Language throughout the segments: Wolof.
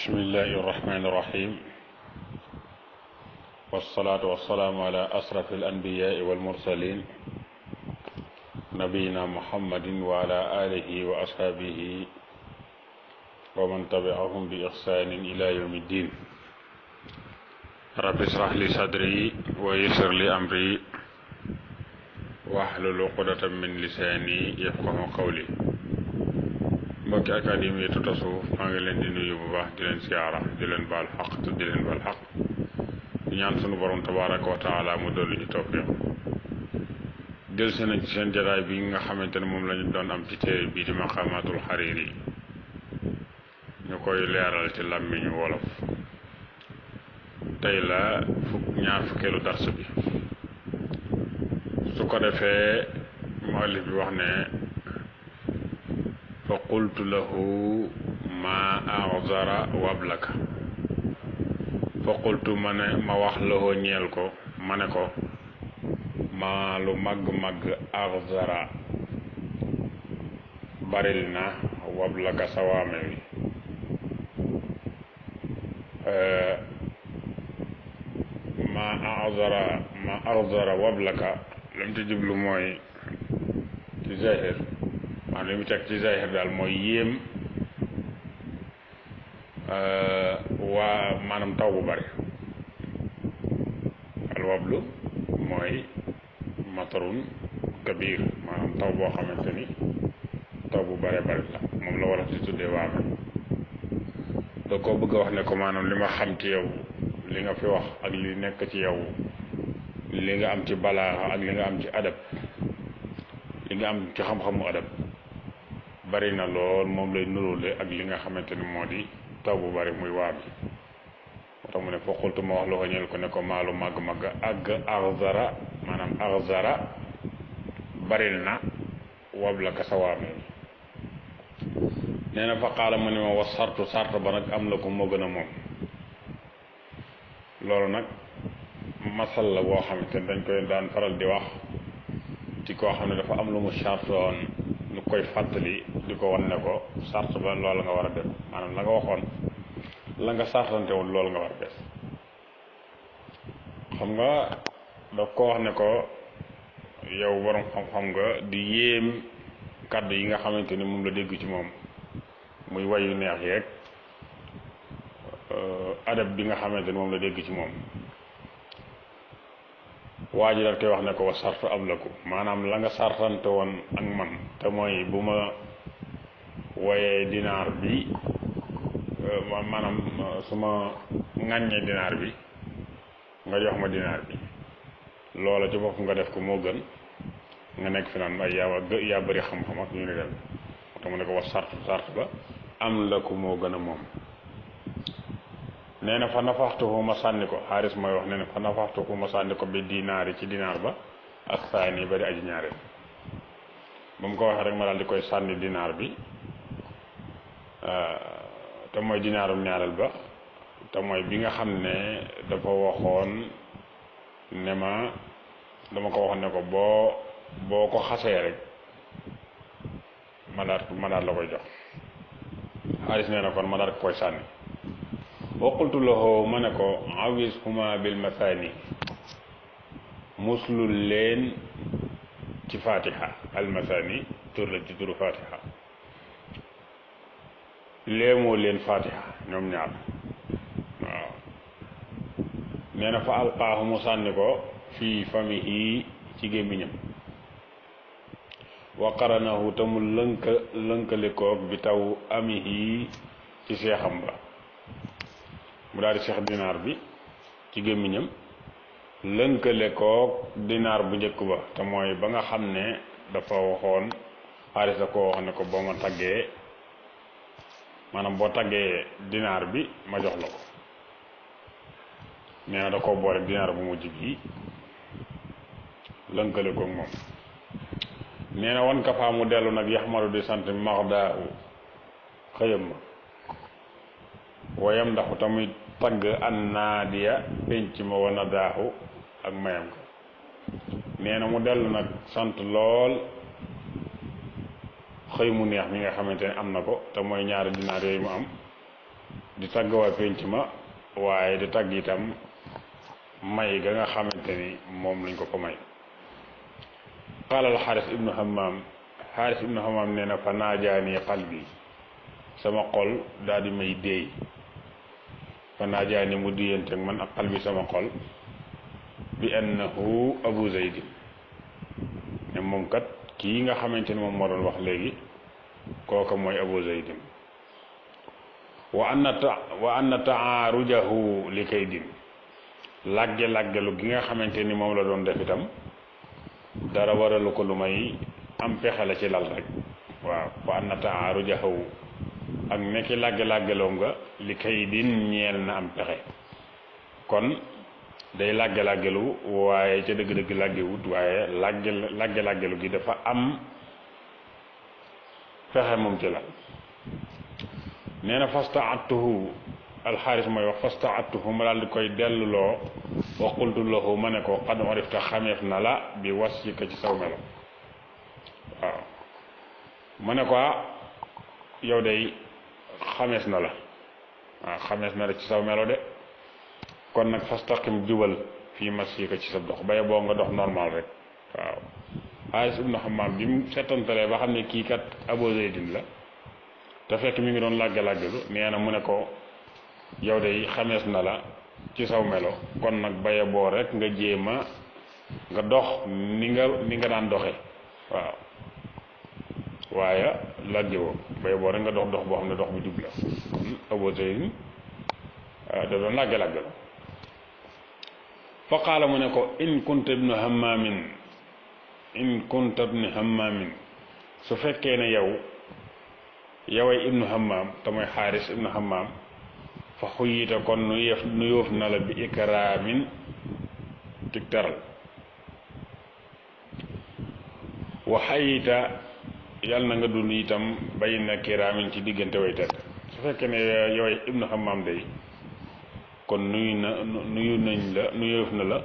بسم الله الرحمن الرحيم والصلاة والسلام على أشرف الأنبياء والمرسلين نبينا محمد وعلى آله وأصحابه ومن تبعهم بإحسان إلى يوم الدين رب اشرح لي صدري ويسر لي أمري واحلل عقدة من لساني يفقه قولي mbokki académie tasawuf maa ngi leen di nuyu bu baax di leen siyaara di leen baal xaq te di leen baal xaq ñaan sunu borom tabaaraka wa taala mu dolli ñu tawfiq jël si nañ ci seen jataay bi nga xamante ne moom lañu doon am ci téere bii di maqaamaatul xariiri yi ñu koy leeral ci làmmiñu wolof tey la fukk ñaar fukkeelu dars bi su ko defee mu alif bi wax ne فقلت له ما أعذر وابلك فقلت من ما وحله نيلكو منكو ما لو مغ مغ أعذر بارلنا وابلك سوامي أه، ما أعذر ما أعذر وابلك لم تجيب له موي ظاهر maanaam li mu teg ci zahir daal mooy yéem euh, waa maanaam taw bu bari alwablu mooy matarun kabir maanaam taw boo xamante ni taw bu bare bari la moom la wala di tuddee waame da koo bëgg a wax ne ko maanaam li ma xam ci yow li nga fi wax ak li nekk ci yow li nga am ci balaaxa ak li nga am ci adab li nga am ci xam-xamu adab bari na lool moom lay nuróole ak li nga xamante ni moo di taw bu bari muy waar bi tax mu ne fa xultu ma wax loo ñeel ko ne ko maalu màgg-màgg ag arzara maanaam arzara baril na wabla ka sawaamee nee na fa xaala mu ne ma wax sartu sart ba nag am la ko moo gën a moom loolu nag masal la boo xamante ni dañ koy daan faral di wax ci koo xam ne dafa am lu mu sartoon lu koy fàttali li ko wan ne ko sart ba loola nga war a def maanaam la nga waxoon la nga sartante woon loolu nga war a def xam nga da ko wax ko yow borom xam nga di yéem kàddu yi nga xamante ni moom la dégg ci moom muy wayu neex yeeg euh, adab bi nga xamante ni moom la dégg ci moom waa ji daf koy wax ne ko wa sartu am la ko maanaam la nga sartante woon ak man te mooy bu ma wayee dinaar bi maanaam su ma ŋàññee dinaar bi nga jox ma dinaar bi loola ci bopp nga def ko moo gën nga nekk fi naan ay yaa bari bëri xam-xam ak ñu ne del moo tax ne ko wax sart sart ba am la ko moo gën a moom nee na fa nafaxtuhu ma sànni ko xaaris mooy wax nee na fa nafaxtuhu ma sànni ko bi dinaari ci dinaar ba ak saani bari aji ba ko waxee rek di koy sànni dinaar bi te mooy dinaarum ñaareel ba te mooy bi nga xam ne dafa waxoon ne dama ko waxoon ko boo boo ko xasee rek ma daal ma daal la koy jox xaalis nee kon ma daal koy sànni wa qultu lahu ma ne ko awis huma bil mathani muslul leen ci fatiha al mathani tur ci turu fatiha léemoo leen fatiha ñoom ñaar waaw nee fa alqaahu mu sànni ko fii famihi ci gémmiñam wa qaranahu te mu lënka lënkale bi taw amihi ci seexam ba mu daal di seq dinaar bi ci gémmiñam lënkale koog dinaar bu njëkk ba te mooy ba nga xam ne dafa waxoon xaalis da koo wax ne ko boo ma tàggee maanaam boo tàggee dinaar bi ma jox la ko nee na da koo booreg dinaar bu mu jig yi lënkale koog moom nee na wan kafaa mu dellu nag yaxmalu di sant maxdaa xëyam ma wayam ndaxu tamit tagg an naadiya penc ma wa nadaahu ak mayam ko nee na mu dellu nag sant lool xëy mu neex mi nga xamante ne am na ko te mooy ñaari dinaar yooyu mu am di tagg waa penc ma waaye di tagg itam may ga nga xamante ni moom lañ ko ko may qaal al xaris ibnu hammam xaris ibnu hammam nee na fa naajaa nii xal bi sama xol daa di may déey fa naajaa ni mu diyante man ak qalbi sama xol bi annahu abu zaydin ne moom kat kii nga xamante ne moom moo doon wax léegi kooka mooy abu zaydin wa anna ta wa anna taarujahu li kaydin làgge làggelu gi nga xamante ni moom la doon def itam dara waralu ko lu may am pexe la ci lal rek waaw wa anna taarujahu ak ne ki làgg làggaloo nga li kay din ñeel na am pexe kon day làgge làggelu waaye ca dëgg-dëgg làggewut waaye làgge làgge làggelu gi dafa am fexe moom ci la nee na fasta attuhu alxaaris mooy wax fasta attuhu ma daal di koy delluloo wa qultu lahu ma ne ko qad arifta xameef na la bi was ci ka ci saw melo waaw ma ne ko ah yow day xamees na la waaw xamees na la ci saw melo de kon nag fastaqim jubal fii masika ci sa dox baye boo nga dox normal rek waaw Anas ibnu Hammaam bi mu settantalee ba xam ne kii kat Abu Zaydin la te fekk mu ngi doon làgge-làgge lu nee na mu ne ko yow de xamees na la ci saw melo kon nag baye boo rek nga jéema nga dox ni nga ni nga daan doxe waaw waaye lajj woo bay boo rek nga dox dox boo xam ne dox bi jub la Abu Zayd da doon làgge làgge la fa qaala mu ne ko in kunt ibnu hammaamin in kunt ibnu hammaamin su fekkee ne yow yaway ibnu hammam te mooy xaaris ibnu hammaam fa xuyita kon nu yëf nu yóof na la bi ikramin tik teral waxayita yàlla na nga dund itam bay na kiraamin ci diggante way tedd su fekkee ne yowee ibnu xammaam day kon nuyu na nuyu nañ la nuyoof na la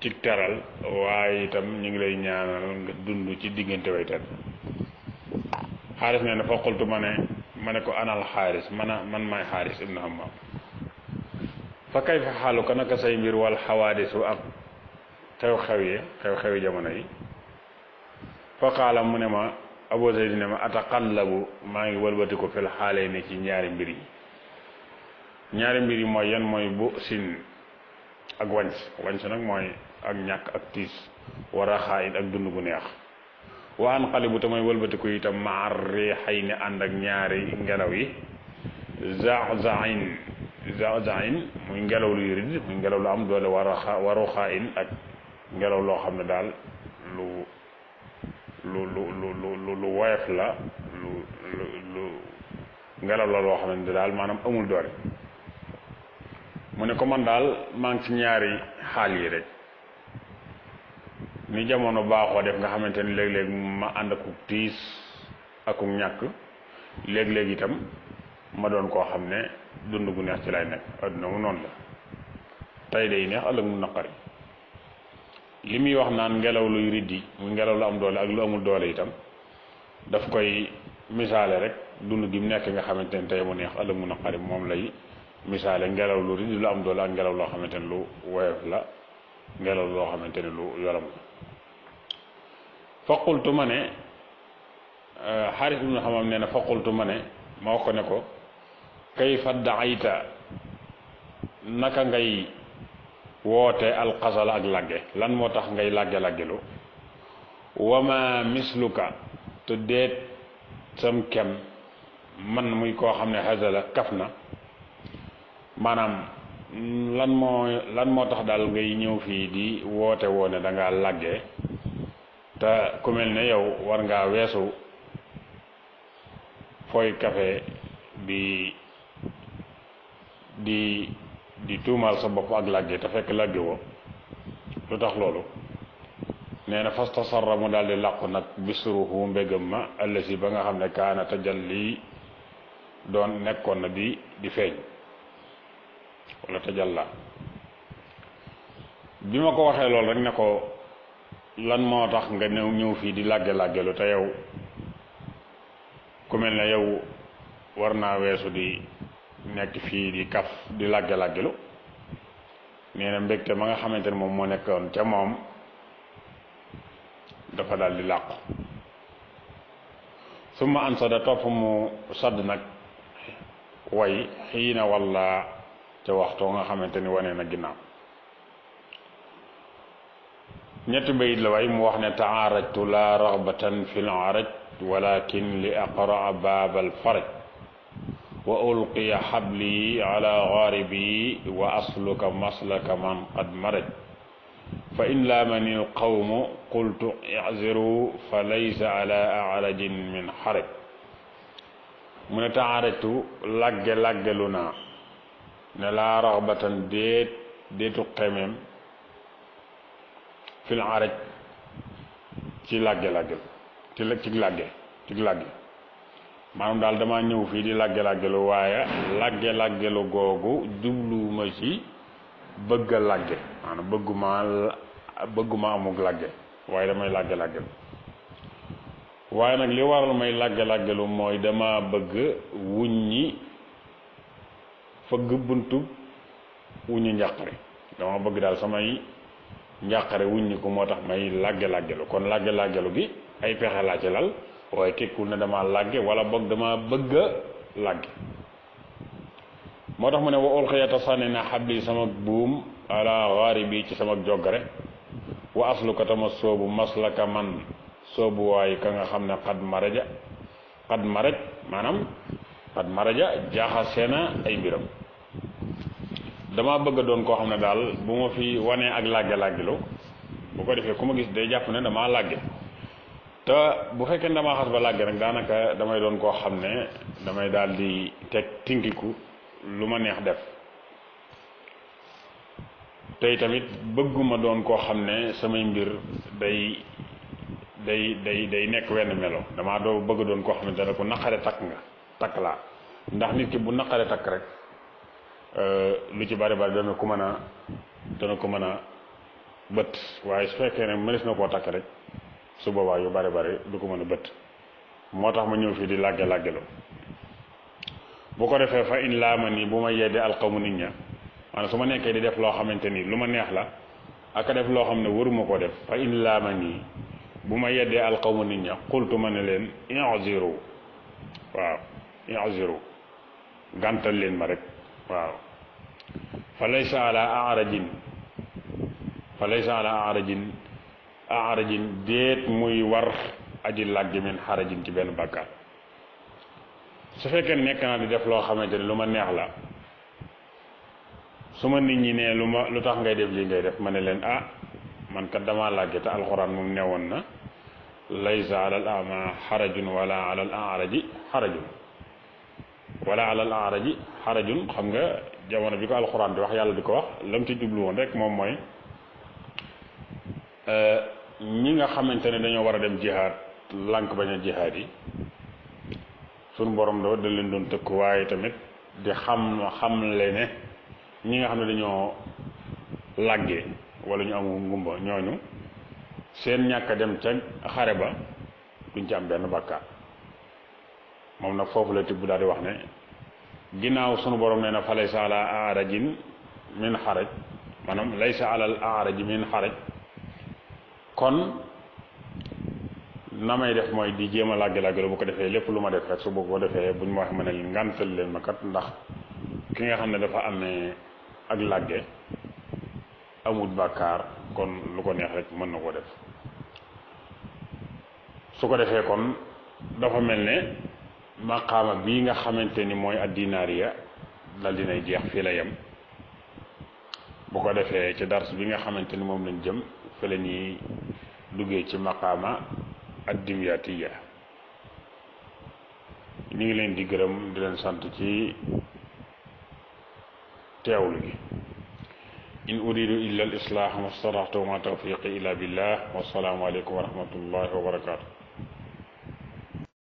ci teral waaye itam ñu ngi lay ñaanal nga dund ci diggante way tedd xaaris nee na fa xultu ma ne ma ne ko anal xaaris man man maay xaaris ibnu xammaam fa kay fa xaalu ka naka say mbir wal xawaadisu ak xew-xew yi xew-xewi jamono yi fa qaala mu ne ma Abu Zayd ne ma ataqallabu maa ngi wëlbati ko fil xaale ne ci ñaari mbir yi ñaari mbir yi mooy yan mooy bu sin ak wànc wànc nag mooy ak ñàkk ak tiis war a xaayit ak dund gu neex waxaan mooy bu tamay wëlbatiku itam maar xëy ne ànd ak ñaari ngelaw yi zazain zazain muy ngelaw luy rid muy ngelaw lu am doole war a waru xaa in ak ngelaw loo xam ne daal lu lu lu lu lu woyof la lu lu lu ngelaw la loo ne daal maanaam amul doole mu ne ko man daal maa ngi ci ñaari xaal yi rek ni jamono baaxoo def nga xamante ni léeg-léeg ma ànd ak tiis ak ñàkk léeg-léeg itam ma doon koo xam ne dund gu neex ci lay nekk adduna mu noonu la tey day neex ëllëg mu naqari li muy wax naan ngelaw luy riddi muy ngelaw lu am doole ak lu amul doole itam daf koy misaale rek dund gi mu nekk nga xamante ne tey mu neex ëllëg mu naqari moom lay misaale ngelaw lu riddi lu am ngelaw loo xamante ne lu woyof la loo xamante ne lu yoram la faqultu ma ne xaaris euh, ibnu nee na faqultu ma ne ma wax ko ne ko kayfa daayta naka ngay woote alxasala ak lagge lan moo tax ngay lagge-laggelu wama mislouka te déet sam kem man muy koo xam ne hasala kaf na maanaam lan moo lan moo tax daal ngay ñëw fii di woote woo ne da lagge te ku ne yow war ngaa weesu fooy kafe bi di di tuumaal sa bopp ak làggee te fekk làgge woo lu tax loolu nee na fas tasarra mu daal di làqu nag bisruhu mbégam ma ëlla si ba nga xam ne kaana tajal lii doon nekkoon na di di feeñ wala tajal laa bi ma ko waxee loolu rek ne ko lan moo tax nga ñëw ñëw fii di làgge làggelu te yow ku mel ne yow war naa weesu di nekk fii di kaf di làgge-làggelu nee na ma nga xamante ne moom moo nekkoon ca moom dafa daal di làqu summa an sada mu sadd nag way xii na walla ca waxtoo nga xamante ni wane na ginnaaw ñetti bayit la way mu wax ne taarajtu la raxbatan fi laraj walakin li aqraa baabal faraj وألقي حبلي على غاربي وأسلك مسلك من قد مرد فإن لامني القوم قلت اعذروا فليس على أعرج من حرج من تعارجت لج لج لنا لا رغبة ديت ديت قمم في العرج تلج لج تلج ci تلج maanaam daal dama ñëw fii di lagge-laggelu waaye lagge-laggelu googu jubluwuma ci bëgg a lagge maanaam bëgguma bëgguma amuk lagge waaye damay lagge-laggelu waaye nag li waral may lagge-laggelu mooy dama bëgg wuññi fëgg bunt wuññi njàqare dama bëgg daal samay njàqare wuññi ko moo tax may lagge-laggelu kon lagge-laggelu gi ay pexe laa ci lal waaye tekkul ne dama làgge wala boog dama bëgg a làgge moo tax mu ne wa ulqiyata sànni na xabli sama buum ala xaari bi ci sama joggare wa asluka tama soobu maslaka man soobu waayu ka nga xam ne xad maraja xad maraj maanaam xad maraja jaaxase na ay mbiram dama bëgg doon koo xam ne daal bu ma fi wane ak làgge làggilu bu ko defee ku ma gis day jàpp ne dama làgge te bu fekkee ne damaa xas ba làggee rek daanaka damay doon koo xam ne damay daal di teg tinkiku lu ma neex def tey tamit bëgguma doon koo xam ne samay mbir day day day day nekk wenn melo damaa doo bëgg doon koo xam ne dana ko naqare takk nga takk laa ndax nit ki bu naqare takk rek euh, lu ci bari bari dana ko mën a dana ko mën a bët waaye su fekkee ne mënees na koo takk rek su boobaa yu bare bare du ko mën a bëtt moo tax ma ñëw fii di làgge làggelu bu ko defee fa in laa ma nii bu ma yeddee alqawmu nit ña maanaam su ma nekkee di def loo xamante ni lu ma neex la ak def loo xam ne waruma koo def fa in laa nii bu ma yeddee alqawmu nit ña xultu ma ne leen i'ziru waaw i'ziru gàntal leen ma rek waaw fa laysa ala arajin fa laysa ala arajin arajin déet muy war aji làggi min xarajin ci benn bàkkaar su fekkee nekk naa di def loo xamante ne lu ma neex la su ma nit ñi ne lu ma lu tax ngay def lii ngay def ma ne leen ah man kat dama làgge te alxuraan moom newoon na laysa alal ama xarajun wala alal araji xarajun wala araji xarajun xam nga jamono bi ko alxuraan di wax yàlla di ko wax lam ci jublu woon rek moom mooy Eh, ñi nga xamante ne dañoo war a dem jihaad lànk bañ a jihaad yi suñu borom do da leen doon tëkk waaye tamit di xam xam le ne ñi nga xam ne dañoo làggee wala ñu amu ngumba ñooñu seen ñàkk dem ca xare ba duñ ci am benn bàkkaar moom nag foofu la tib bu daal di wax ne ginnaaw sunu borom nee na falay sa ala aarajin min xaraj maanaam lay sa alal aaraji min xaraj kon na may def mooy di jéem a làggi-làggilo bu ko defee lépp lu ma def rek su bu ko defee buñ ma waxee ma ne leen ngàntal leen ma kat ndax ki nga xam ne dafa amee ak làgge amut bàkkaar kon lu ko neex rek mën na koo def su ko defee kon dafa mel ne maqaama bi nga xamante ni mooy addinaariya dal dinay jeex fii la yem bu ko defee ci dars bi nga xamante ni moom lañ jëm fa la duggee ci maqaama addimyaatiya ñu ngi leen di gërëm di leen sant ci teewlu gi in uridu illa al islaaha ma stataxtu ma tawfiqi illa billah wassalaamu aleykum wa rahmatullahi wa barakaatu